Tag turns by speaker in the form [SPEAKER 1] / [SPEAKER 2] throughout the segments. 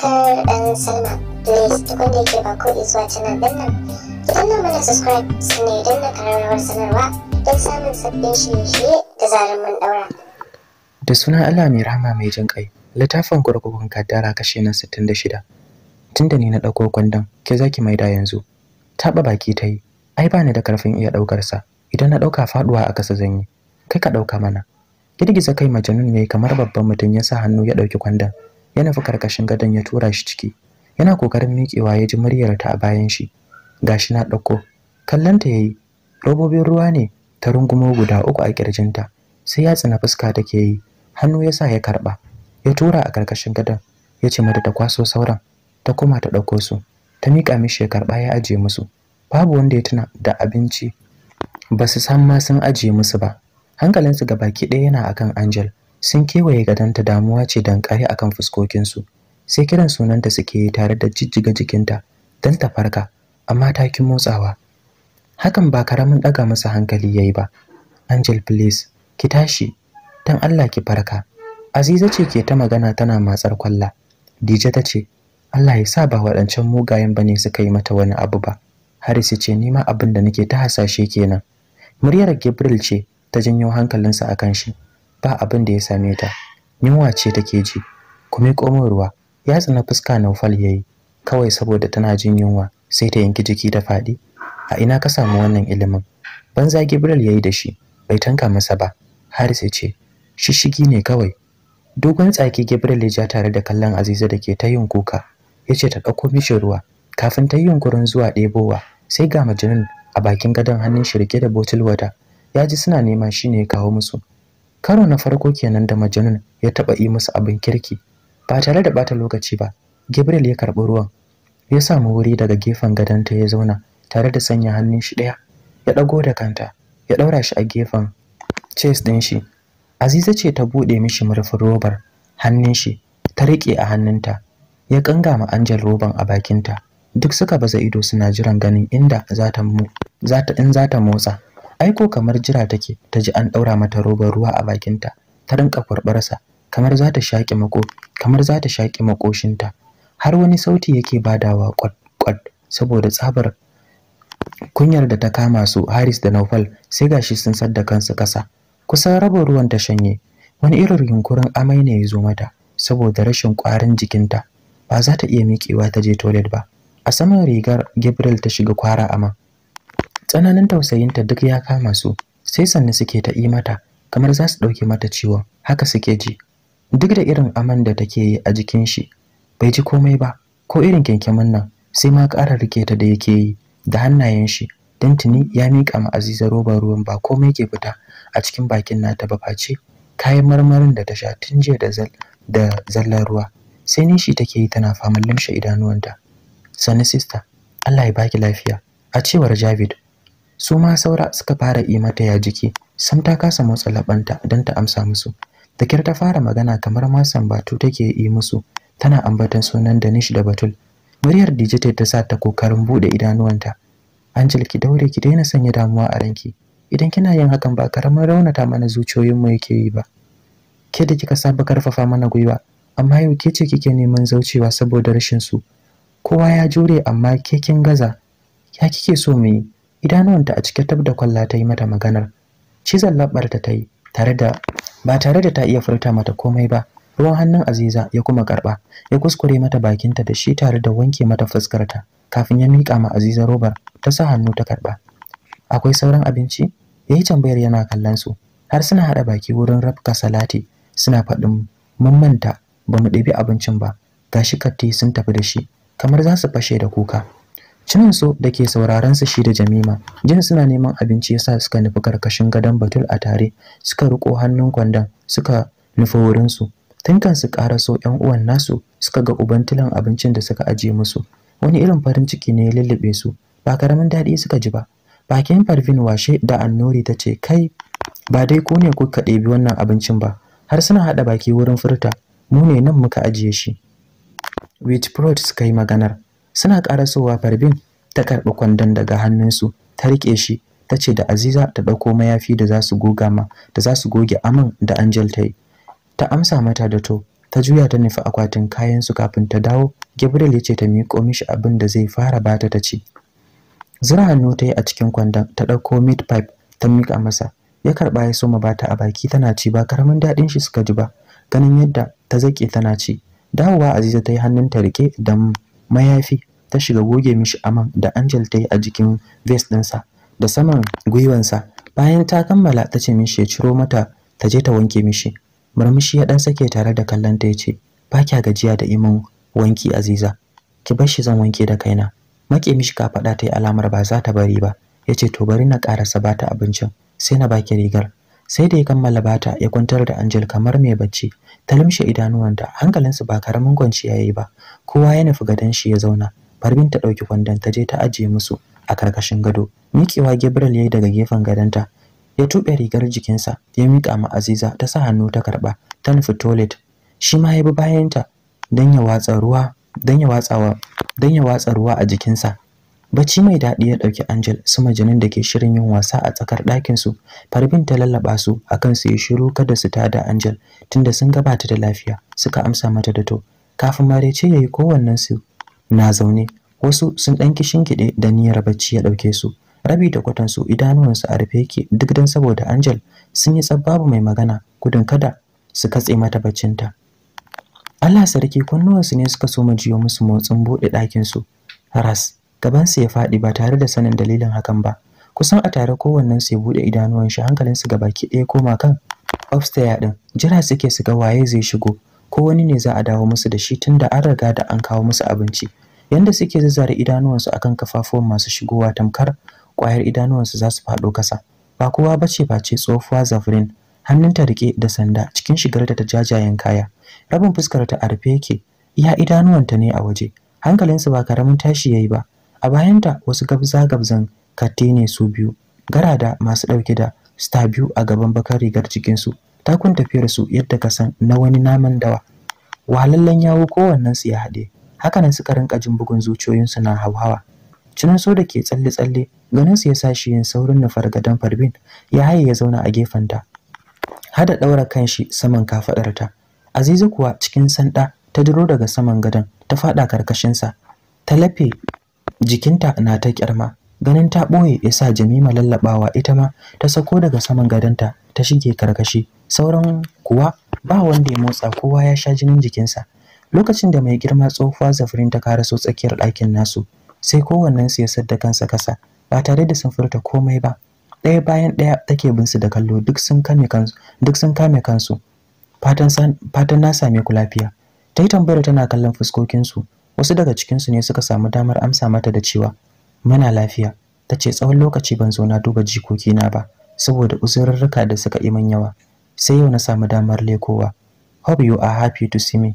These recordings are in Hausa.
[SPEAKER 1] subscribe and sign up. Please tukun da yake ba ko zuwa canal din nan. Ki danna mana subscribe sannan ya danna kararrawar sanarwa don samun sabbin shirye-shirye da zarar mun daura. Da sunan Allah mai rahama mai jin kai, littafin kurkukun kaddara kashe na 66. Tunda ni na ɗauko kwandon, ke zaki da yanzu. Taɓa baki ta yi, ai ba ni da karfin iya ɗaukar sa, idan na ɗauka faɗuwa a ƙasa zan yi. Kai ka ɗauka mana. Girgiza kai majanun yayi kamar babban mutum ya sa hannu ya ɗauki kwandon. ya nufi karkashin gadon ya tura shi ciki yana kokarin miƙewa ya ji muryar ta a bayan shi gashi na ɗauko kallanta yayi robobin ruwa ne ta rungumo guda uku a kirjinta sai ya tsina fuska ke yi hannu ya sa ya karɓa. ya tura a karkashin gadon ya ce mata ta kwaso sauran ta koma ta ɗauko su ta miƙa mishi ya karɓa ya aje musu babu wanda ya tuna da abinci ba su san ma sun ajiye musu ba hankalinsu ga baki ɗaya yana akan Angel sun kewaye gadanta damuwa ce dan kare akan fuskokinsu sai kiran sunanta suke tare da jijjiga jikinta dan ta farka amma ta ki motsawa hakan ba karamin ɗaga masa hankali yayi ba angel please ki tashi dan allah ki farka aziza ce ke ta magana tana matsar kwalla dije ta ce allah ya sa ba waɗancan mugayen ba ne suka yi mata wani abu ba Harisi ce nima abin da nake ta hasashe kenan muryar gabriel ce ta janyo hankalinsa akan shi ba abin da ya same ta yunwa ce take ji kuma miƙo ruwa ya tsina fuska naufal yayi kawai saboda tana jin yunwa sai ta yanki jiki ta faɗi a ina ka samu wannan ilimin banza gibril yayi da shi bai tanka masa ba haris ya ce shishigi ne kawai dogon tsaki gibril ya ja tare da kallon aziza da ke ta yin kuka ya ce ta ɗauko mishi ruwa kafin ta yi yunkurin zuwa ɗebowa sai ga majinin a bakin gadon hannun shi rike da botul wata ya ji suna neman shi ne kawo musu karo na farko kenan da majanun ya taɓa yi musu abin kirki ba tare da bata lokaci ba gabriel ya karɓi ruwan ya samu wuri daga gefen ta ya zauna tare da sanya hannun shi ɗaya ya ɗago da kanta ya ɗaura shi a gefen chest ɗin shi aziza ce ta buɗe mishi murfin robar hannun shi ta riƙe a hannunta ya ma anjel roban a bakinta duk suka baza ido suna jiran ganin inda za ta mu in za ta motsa aiko kamar jira take ta ji an ɗaura mata robar ruwa a bakinta ta rinka kurɓarsa kamar za ta shaƙi mako kamar za ta shaƙi makoshinta har wani sauti yake badawa kwad-kwad? saboda tsabar kunyar da ta kama su Haris da Naufal sai gashi sun sadda kansu kasa kusan rabin ruwan ta shanye wani irin yunkurin amai ne ya zo mata saboda rashin ƙwarin jikinta ba za ta iya miƙewa ta je toilet ba a saman rigar Gabriel ta shiga kwara a man. tsananin tausayinta duk ya kama su sai sannu suke ta yi mata kamar za su ɗauki mata ciwon haka suke ji duk da irin aman da take yi a jikin shi bai ji komai ba ko irin kyankyamin nan sai ma ƙara rike ta da yake yi da hannayen shi don tuni ya miƙa ma aziza robar ruwan ba komai ke fita a cikin bakin nata ba face kayan marmarin da ta sha tun jiya da zal da zallar ruwa sai nishi take yi tana faman limshe idanuwanta sani sista Allah ya baki lafiya a cewar Javid su ma saura suka fara yi mata ya jiki sam ta kasa motsa labanta don ta amsa musu da kyar ta fara magana kamar ma sambatu take yi musu tana ambaton sunan Danish da Batul muryar dijital ta sa ta kokarin bude idanuwanta Angel ki daure ki daina sanya damuwa a ranki idan kina yin hakan ba karamin raunata mana zuciyoyin mu yake yi ba ke da kika saba karfafa mana gwiwa amma yau ke ce kike neman zaucewa saboda rashin su kowa ya jure amma ke kin gaza ya kike so mu yi idanuwanta a cike tab da kwalla ta yi mata maganar cizon labbar ta yi tare da ba tare da ta iya furta mata komai ba ruwan hannun aziza ya kuma karba ya kuskure mata bakinta da shi tare da wanke mata fuskarta kafin ya mika ma aziza robar ta sa hannu ta karba akwai sauran abinci ya yi tambayar yana kallon su har suna haɗa baki wurin rafka salati suna faɗin mummanta ba mu ɗebi abincin ba gashi katti sun tafi da shi kamar za su fashe da kuka Cinin su da ke sauraron su shi da Jamima, jin suna neman abinci yasa suka nufi karkashin gadon Batul a tare, suka riko hannun kwandon suka nufi wurin su. Tinkan su so yan uwan nasu suka ga uban tilan abincin da suka ajiye musu. Wani irin farin ciki ne ya lullube su, ba karamin daɗi suka ji ba. Bakin Parvin washe da Annori ta ce kai ba dai ku ne kuka ɗebi wannan abincin ba, har suna haɗa baki wurin furta, mu ne nan muka ajiye shi. With Prod suka yi maganar, suna karasowa farbin ta karɓi kwandon daga hannunsu ta riƙe shi ta ce da aziza ta ɗauko mayafi da za su goga ma da za su goge aman da angel ta yi ta amsa mata da to ta juya ta nufi akwatin kayansu kafin ta dawo gabriel ya ce ta miƙo mishi abin da zai fara bata ta ci zira hannu ta yi a cikin kwandon ta ɗauko meat pipe ta miƙa masa ya karɓa ya soma ba ta a baki tana ci ba karamin daɗin shi suka ji ba ganin yadda ta zaƙe tana ci dawowa aziza ta yi hannun ta riƙe da mayafi ta shiga goge mishi aman da Angel ta yi a jikin vest ɗinsa da saman gwiwansa bayan ta kammala ta ce mishi ya ciro mata ta je ta wanke mishi murmushi ya ɗan sake tare da kallon ta yace ba kya gajiya da iman wanki Aziza ki bar shi zan wanke da kaina make mishi ka faɗa ta yi alamar ba za ta bari ba yace to bari na karasa bata abincin sai na baki rigar sai da ya kammala ba ta ya kwantar da Angel kamar mai bacci ta limshe idanuwanta hankalinsu ba karamin kwanciya yayi ba kowa ya nufi gadon shi ya zauna Farbin ta ɗauki kwandon ta je ta ajiye musu a karkashin gado. Mikewa Gabriel ya daga gefen gadonta. Ya tuɓe rigar jikinsa ya mika ma Aziza ta sa hannu ta karɓa ta nufi toilet. Shi ma ya bi bayanta don ya watsa ruwa dan ya watsawa dan ya watsa ruwa a jikinsa. Bacci mai daɗi ya ɗauki Angel su majinin da ke shirin yin wasa a tsakar su Farbin ta lallaɓa su akan su yi shiru kada su tada Angel tunda sun gabata da lafiya suka amsa mata da to. Kafin marece yayi kowannen su. na zaune wasu sun ɗan kishinkiɗe da niyyar bacci ya ɗauke su rabi da kwatansu idanuwansu a rufe yake duk dan saboda Angel sun yi tsabbabu mai magana gudun kada su katse mata baccin ta Allah sarki kunnuwansu ne suka so jiyo musu motsin buɗe ɗakinsu ras gaban su ya faɗi ba tare da sanin dalilin hakan ba kusan a tare kowannen su ya bude idanuwan shi hankalin su ga baki ɗaya koma kan upstairs ɗin jira suke su ga waye zai shigo ko wani ne za a dawo musu da shi tunda an riga da an kawo musu abinci yanda suke zazzare idanuwansu akan kafafuwan masu shigowa tamkar ƙwayar idanuwansu za su faɗo ƙasa ba kowa bace bace tsofuwa zafrin hannunta riƙe da sanda cikin shigarta ta jajayen kaya rabin fuskar ta a rufe yake iya idanuwanta ne a waje hankalinsu ba karamin tashi yayi ba a bayanta wasu gabza gabzan katine ne su biyu garada masu ɗauke da star biyu a gaban bakar rigar jikinsu. takun tafiyar su yadda ka san na wani naman dawa wahalallen yawo kowannen su ya haɗe nan suka rinka jin bugun zuciyoyinsu na hauhawa cinin so da ke tsalle tsalle ganin su ya sa shi yin saurin na gadon farbin ya haye ya zauna a gefen ta hada daura shi saman ta aziza kuwa cikin sanda ta duro daga saman gadon ta fada karkashinsa ta lafe jikinta na ta kyarma ganin ta ɓoye ya sa jamima lallabawa ita ma ta sako daga saman gadonta ta shige karkashi sauran kuwa ba wanda ya motsa kowa ya sha jinin jikinsa lokacin da mai girma tsohuwa zafirin ta karaso tsakiyar ɗakin nasu sai kowannensu ya sadda kansa kasa ba tare da sun furta komai ba ɗaya bayan ɗaya take bin su da kallo duk sun kame kansu duk sun kame kansu fatan na same ku lafiya ta yi tambayar tana kallon fuskokinsu wasu daga cikinsu ne suka samu damar amsa mata da cewa muna lafiya tace tsawon lokaci ban zo na duba jikokina ba saboda uzurrurruka da suka yi min yawa sai yau na samu damar lekowa hope you are happy to see me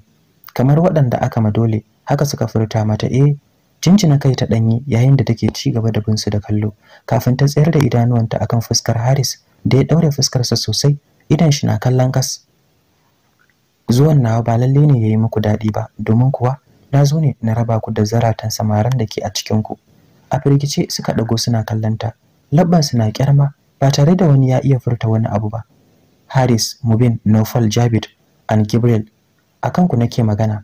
[SPEAKER 1] kamar waɗanda aka ma dole haka suka furta mata eh jinjina kai ta danyi yayin da take ci gaba da bin su da kallo kafin ta tsayar da idanuwanta akan fuskar Haris da ya daure fuskarsa sosai idan shi na kallon kas zuwan nawa ba lalle ne yayi muku dadi ba domin kuwa na zo ne na raba ku da zaratan samaran da ke a cikin ku a firgice suka ɗago suna kallonta labbansu na kyarma ba tare da wani ya iya furta wani abu ba haris mubin nofal jabir an gibril a kanku nake magana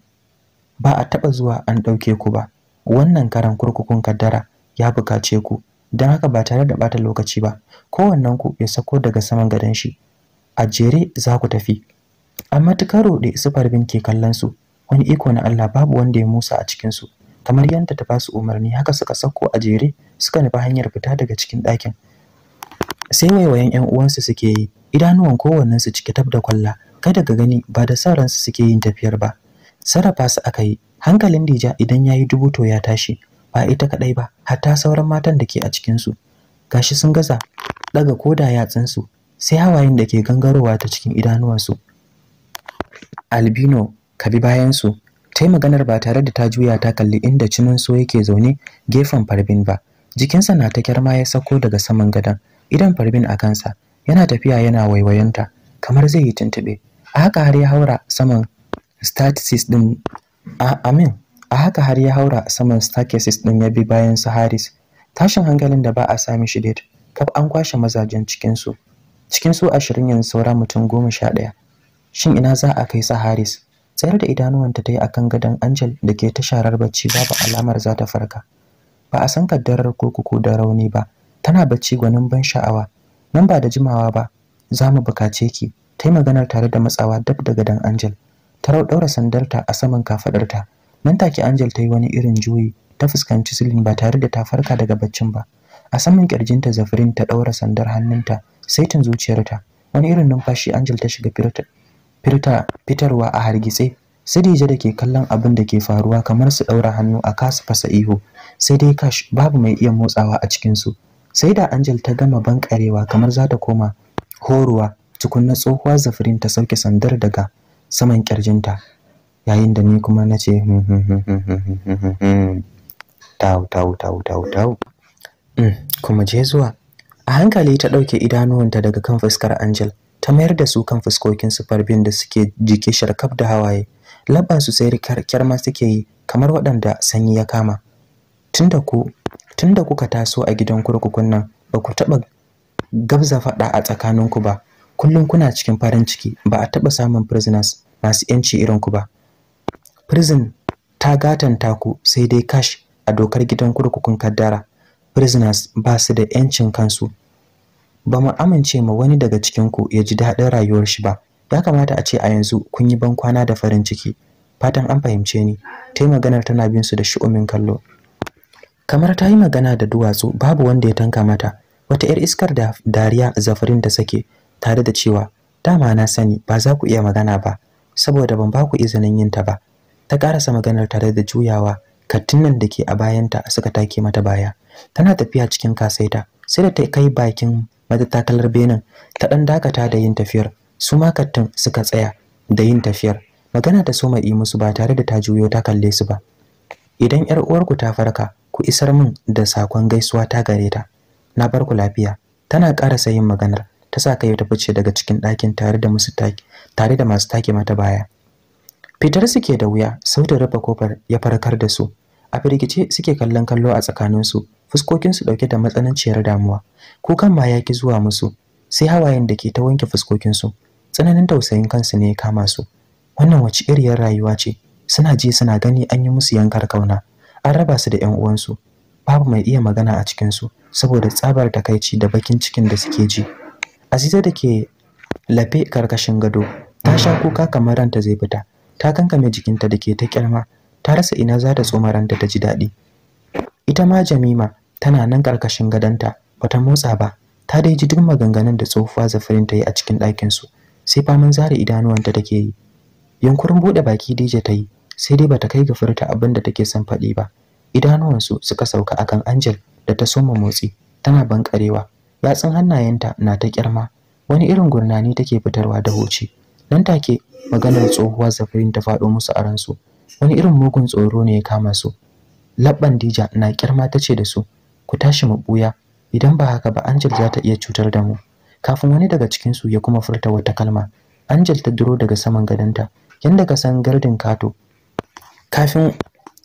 [SPEAKER 1] ba a taɓa zuwa an ɗauke ku ba wannan karan kurkukun kaddara ya bukace ku don haka ba tare da ɓata lokaci ba kowannenku ya sako daga saman gadon shi a jere za ku tafi amma tukaro da isufar bin ke kallon su wani iko na Allah babu wanda ya musa a cikinsu kamar 'yanta ta basu umarni haka suka sako a jere suka nufi hanyar fita daga cikin ɗakin sai waiwayen yan uwansu suke yi idanuwan su cike tab da kwalla kai daga gani ba da sauran ransu suke yin tafiyar ba sarrafa su aka yi hankalin dija idan yayi dubu to ya tashi ba ita kadai ba hatta sauran matan da ke a cikin su gashi sun gaza ɗaga koda su sai hawayen da ke gangarowa ta cikin idanuwansu albino ka bi bayansu ta yi maganar ba tare da ta juya ta kalli inda cinin so yake zaune gefen farbin ba jikinsa na ta kyarma ya sako daga saman gadon idan farbin a kansa yana tafiya yana waiwayonta kamar zai yi tuntube a haka har ya haura saman statistics din a amin a haka har ya haura saman staircases din ya bi bayan su Haris tashin hankalin da ba a sami shi dai kaf an kwashe mazajen cikinsu. su cikin su 20 yanzu saura mutum ɗaya. shin ina za a kai su Haris Tsayar da idanuwanta ta yi akan gadon Angel da ke ta sharar bacci babu alamar za ta farka. Ba a san kaddarar kurkuku da rauni ba, tana bacci gwanin ban sha'awa. Nan ba da jimawa ba, za mu bukace ki. Ta yi maganar tare da matsawa dab da gadon Angel. Ta ɗaura sandarta a saman kafaɗarta. Nan take Angel ta yi wani irin juyi ta fuskanci silin ba tare da ta farka daga baccin ba. A saman kirjinta Zafirin ta ɗaura sandar hannunta, saitin zuciyarta. Wani irin numfashi Angel ta shiga fitarwa a hargitse Sadija da ke kallon abin da ke faruwa kamar su ɗaura hannu a kasa fasa ihu, sai dai kash babu mai iya motsawa a cikinsu. Sai da Angel ta gama bankarewa kamar za ta koma horuwa tukunna tsohuwa zafirin ta sauke sandar daga saman kirjinta. Yayin da ni kuma na ce hmm, hmm, hmm, tau tau tau tau tau. Kuma je zuwa. A hankali ta ɗauke idanuwanta daga kan fuskar Angel ta mayar da su kan fuskokin su farbin da suke jike sharkaf da hawaye labban su sai rikar ma suke yi kamar waɗanda sanyi ya kama tunda ku tunda kuka taso a gidan kurkukun nan ba ku taɓa gabza faɗa a tsakanin ku ba kullum kuna cikin farin ciki ba a taɓa samun prisoners masu yanci irin ku ba prison ta gatanta ku sai dai cash a dokar gidan kurkukun kaddara prisoners ba su da yancin kansu ba mu amince ma wani daga cikinku ya ji daɗin rayuwar shi ba ya kamata a ce a yanzu kun yi ban kwana da farin ciki fatan an fahimce ni ta maganar tana bin su da shi'umin kallo kamar ta yi magana da duwatsu babu wanda ya tanka mata wata 'yar iskar da dariya zafarin da sake tare da cewa dama na sani ba za ku iya magana ba saboda ban ba ku izinin yin ta ba ta karasa maganar tare da juyawa nan da ke a bayanta suka take mata baya tana tafiya cikin kasaita sai da ta kai bakin matattakalar benin ta ɗan dakata da yin tafiyar su ma suka tsaya da yin tafiyar magana ta soma yi musu ba tare da ta juyo ta kalle su ba idan yar uwarku ta farka ku isar min da sakon gaisuwa ta gare ta na bar ku lafiya tana ƙarasa yin maganar ta sa kai ta fice daga cikin ɗakin tare da musu tare da masu take mata baya fitar suke da wuya sautin rufe kofar ya farkar da su a firgice suke kallon kallo a tsakaninsu fuskokin su ɗauke da matsananciyar damuwa kukan ma ya zuwa musu sai hawayen da ke ta wanke fuskokin su tsananin tausayin kansu ne ya kama su wannan wace iriyar rayuwa ce suna ji suna gani an yi musu yankar kauna an raba su da 'yan uwansu babu mai iya magana a cikin su saboda tsabar takaici da bakin cikin da suke ji aziza da ke lafe karkashin gado ta sha kuka kamar ranta zai fita ta kankame jikinta da ke ta kyarma ta rasa ina za ta tsoma ranta ta ji daɗi ita ma jamima tana nan karkashin gadonta bata motsa ba ta dai ji duk maganganun da tsohuwa zafirin ta yi a cikin ɗakin su sai faman zare idanuwanta take yi yankurin buɗe baki Dija ta yi sai dai bata kai ga abin da take son faɗi ba idanuwansu suka sauka akan Angel da ta soma motsi tana banƙarewa. yatsun hannayenta na ta kirma wani irin gurnani take fitarwa da hoci nan take maganar tsohuwa zafirin ta faɗo musu a ransu wani irin mugun tsoro ne ya kama su labban dija na kirma tace da su ku tashi mu buya idan ba haka ba Angel za ta iya cutar da mu kafin wani daga cikin su ya kuma furta wata kalma Angel ta duro daga saman gadonta yan ka san gardin kato kafin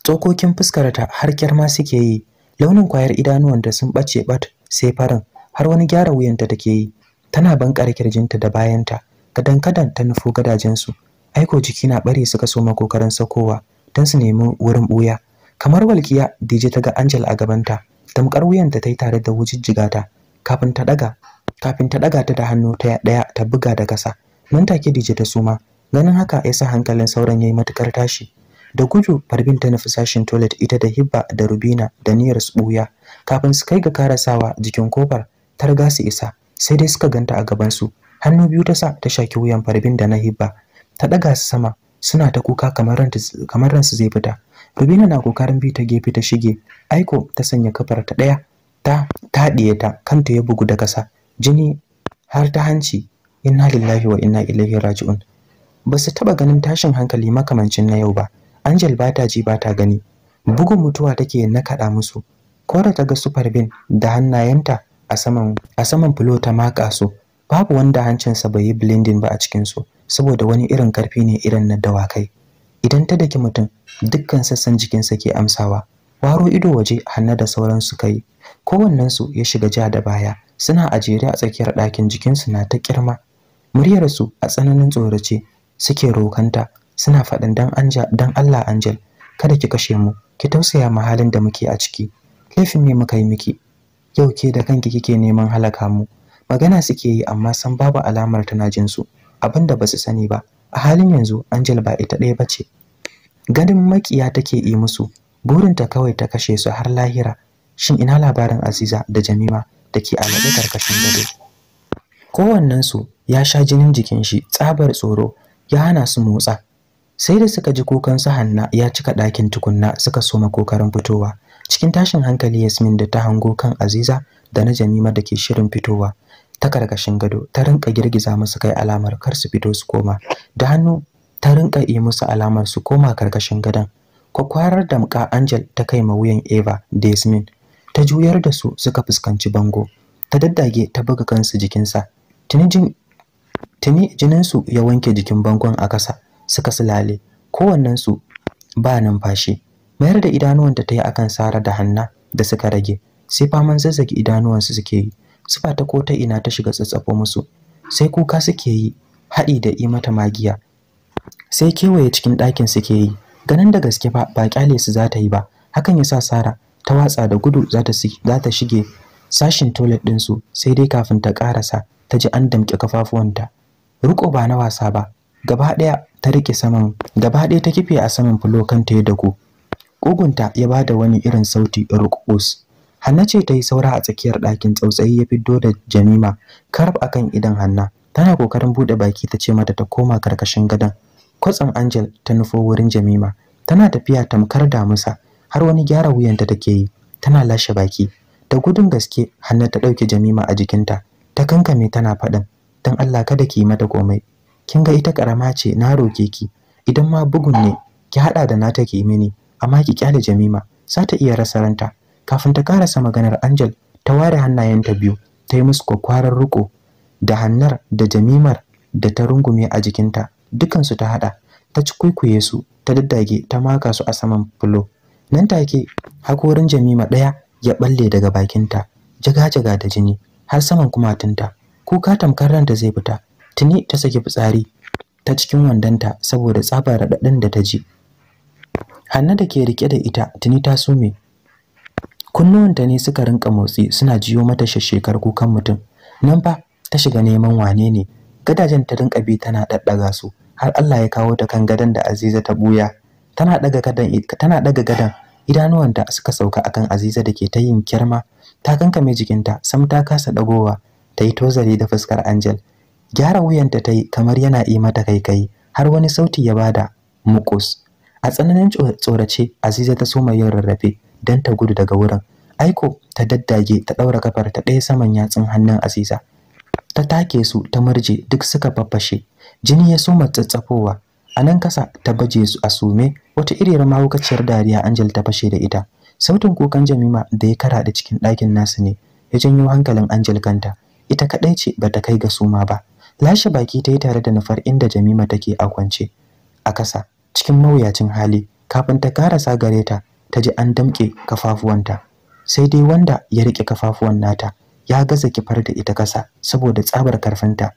[SPEAKER 1] tsokokin fuskarta har kyar ma suke yi launin kwayar idanuwan da sun bace bat sai farin har wani gyara wuyanta take yi tana bankar kirjinta da bayanta kadan kadan ta nufo gadajen su aiko jiki na bare suka soma kokarin sakowa dan su nemi wurin buya kamar walkiya dije ta ga Angel a gabanta tamkar wuyanta ta yi tare da wujijjiga ta kafin ta daga kafin ta daga ta da hannu ta daya ta buga da kasa nan take dije ta suma ganin haka ya sa hankalin sauran yayi matukar tashi da gudu farbin ta nufi sashin toilet ita da hibba da rubina da niyyar su buya kafin su kai ga karasawa jikin kofar ta riga su isa sai dai suka ganta a gaban su hannu biyu ta sa ta shaki wuyan farbin da na hibba ta daga su sama suna ta kuka kamar ransu zai fita Rubina na kokarin bi ta gefe ta shige. Aiko ta sanya kafar ta daya ta haɗiye ta kanta ya bugu da kasa. Jini har ta hanci. Inna lillahi wa inna ilaihi raji'un. Ba su taba ganin tashin hankali makamancin na yau ba. Angel ba ta ji ba ta gani. Bugun mutuwa take na kaɗa musu. Kora ta ga Super Bin da hannayenta a saman a saman fulo ta maka su. Babu wanda hancinsa bai yi blending ba a cikinsu saboda wani irin karfi ne irin na dawakai. idan ta daki mutum dukkan sassan jikinsa ke amsawa waro ido waje hannu da sauran suka yi kowannensu ya shiga ja da baya suna a jere a tsakiyar ɗakin jikinsu na ta kirma muryarsu a tsananin tsorace suke rokanta suna faɗin dan anja dan Allah Angel kada ki kashe mu ki tausaya mu halin da muke a ciki laifin ne muka yi miki yau ke da kanki kike neman halaka mu magana suke yi amma san babu alamar tana jin su abinda ba su sani ba a halin yanzu Angel ba ita ɗaya ba ce. ganin makiya take yi musu burinta kawai ta kashe su har lahira shin ina labarin Aziza da Jamima da ke alaƙe karkashin gado kowannensu ya sha jinin jikin shi tsabar tsoro ya hana su motsa sai da suka ji kukan su Hanna ya cika ɗakin tukunna suka soma kokarin fitowa cikin tashin hankali Yasmin da ta hango kan Aziza da na Jamima da ke shirin fitowa ta karkashin gado ta rinka girgiza musu kai alamar kar su fito su koma da hannu ta rinka yi musu alamar su koma karkashin gadon kwakwarar damka Angel ta kai ma wuyan Eva da Yasmin ta juyar da su suka fuskanci bango ta daddage ta buga kansu jikinsa tuni jininsu ya wanke jikin bangon a kasa suka silale kowannensu ba numfashi mayar da idanuwanta ta yi akan Sara da Hanna da suka rage sai faman zazzage idanuwansu suke yi sifa ta ko ta ina ta shiga tsatsafo musu sai kuka suke yi haɗi da yi mata magiya sai kewaye cikin ɗakin suke yi ganin da gaske ba ba kyale su za ta yi ba hakan ya sa sara ta watsa da gudu za ta shige sashin toilet ɗinsu sai dai kafin ta ƙarasa ta ji an damƙe kafafuwanta riko ba na wasa ba gaba ɗaya ta rike saman gaba ɗaya ta kife a saman fulo kanta ya dago ƙugunta ya ba da wani irin sauti rukus Hanna ce ta yi saura a tsakiyar ɗakin tsautsayi ya fiddo da Jamima karab akan idan Hanna tana kokarin buɗe baki ta ce mata ta koma karkashin gadon kwatsam Angel ta nufo wurin Jamima tana tafiya tamkar damusa har wani gyara wuyanta take yi tana lashe baki da gudun gaske Hanna ta ɗauke Jamima a jikinta ta kankame tana faɗin dan Allah kada ki mata komai kin ga ita karama ce na roke ki idan ma bugun ne ki haɗa da nata ki mini amma ki kyale Jamima za ta iya rasa ranta kafin ta karasa maganar Angel ta ware hannayenta biyu ta yi musu kwakwaran riko da hannar da jamimar da ta rungume a jikinta dukansu ta hada ta ci kwaikwaye su ta daddage ta maka su a saman fulo nan take hakorin jamima daya ya balle daga bakinta jaga-jaga da jini har saman kumatinta kuka tamkar ranta zai fita tuni ta saki fitsari ta cikin wandanta saboda tsabar raɗaɗin da ta ji hanna da ke rike da ita tuni ta sume kunnuwanta ne suka rinka motsi suna jiyo mata shashekar kukan mutum nan fa ta shiga neman wane ne gadajen ta rinka bi tana daddaga su har Allah ya kawo ta kan gadan da Aziza ta buya tana daga gadan tana daga gadan idanuwanta suka sauka akan Aziza da ke ta yin kirma ta kankame jikinta sam ta kasa dagowa ta yi tozare da fuskar Angel gyara wuyanta ta yi kamar yana yi mata kai har wani sauti ya bada mukus a tsananin tsorace Aziza ta soma yin rarrafe don ta gudu daga wurin aiko ta daddage ta ɗaura kafar ta ɗaya saman yatsun hannun aziza ta take su ta murje duk suka faffashe jini ya soma tsatsafowa a nan kasa ta baje su a sume wata iriyar mahaukaciyar dariya angel ta fashe da ita sautin kukan jamima da ya kara da cikin ɗakin nasu ne ya janyo hankalin angel kanta ita kaɗai ce ba ta kai ga suma ba lashe baki ta yi tare da nufar inda jamima take a kwance a kasa cikin mawuyacin hali kafin ta karasa gare ta ta ji an damƙe kafafuwanta sai dai wanda ya rike kafafuwan nata ya gaza kifar da ita kasa saboda tsabar karfinta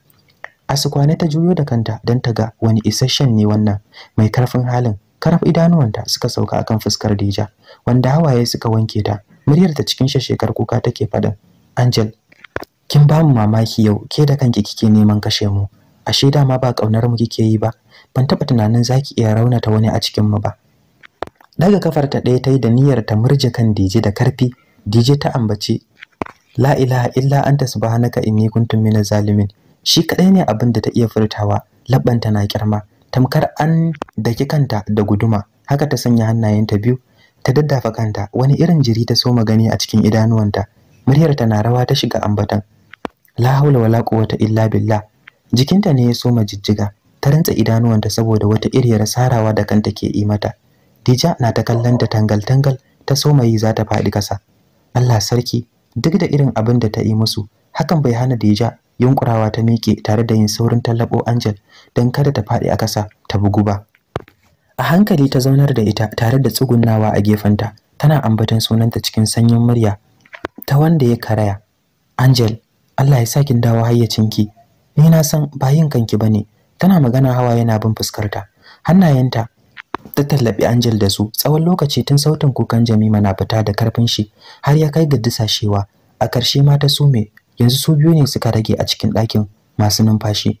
[SPEAKER 1] asukwane ta juyo da kanta don ta ga wani isasshen ne wannan mai karfin halin karaf idanuwanta suka sauka akan fuskar Dija wanda hawaye suka wanke ta muryar ta cikin shekar kuka take faɗin Angel kin ba mu mamaki yau ke da kanki kike neman kashe mu ashe dama ba kaunar mu kike yi ba ban taɓa tunanin zaki iya raunata wani a cikin mu ba daga kafar ta ɗaya ta yi da niyyar ta murje kan dije da karfi dije ta ambace la ilaha illa anta subhanaka inni kuntu minaz zalimin shi kadai ne abin da ta iya furtawa labbanta na kirma tamkar an daki kanta da guduma haka ta sanya hannayen ta biyu ta daddafa kanta wani irin jiri ta soma gani a cikin idanuwanta muryar ta na rawa ta shiga ambatan la haula wala quwwata illa billah jikinta ne ya soma jijjiga ta rantsa idanuwanta saboda wata iriyar sarawa da kanta ke yi mata Dija na ta kallon ta tangal-tangal ta somayi za ta faɗi ƙasa. Allah sarki, duk da irin abin da ta yi musu, hakan bai hana Dija yunkurawa ta miƙe tare da yin saurin tallabo Angel don kada ta faɗi a ƙasa ta bugu ba. A hankali ta zaunar da ita tare da tsugunnawa a gefenta, tana ambaton sunanta cikin sanyin murya ta wanda ya karaya. Angel, Allah ya sa kin dawo hayyacinki. Ni na san ba yin kanki ne. Tana magana hawa yana bin fuskarta. Hannayenta ta tallabi Angel da su tsawon lokaci tun sautin kukan Jamima na fita da karfin shi har ya kai ga dusashewa a ƙarshe mata su sume yanzu su biyu ne suka rage a cikin ɗakin masu numfashi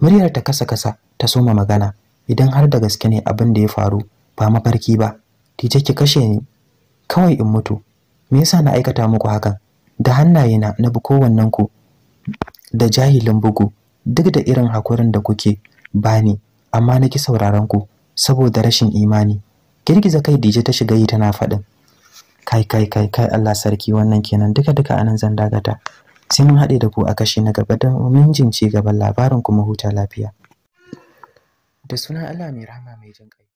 [SPEAKER 1] muryar ta kasa kasa ta soma magana idan har da gaske ne abin da ya faru ba mafarki ba tije ki kashe ni kawai in mutu me yasa na aikata muku hakan da hannaye na bi kowannen ku da jahilin bugu duk da irin hakurin da kuke bani amma na ki sauraron ku saboda rashin imani girgiza kai dije ta shiga yi tana faɗin kai kai kai kai Allah sarki wannan kenan duka duka anan zan dagata sai mun haɗe da ku a kashi na gaba dan mun ci gaban labarin kuma huta lafiya da suna Allah mai rahama mai jin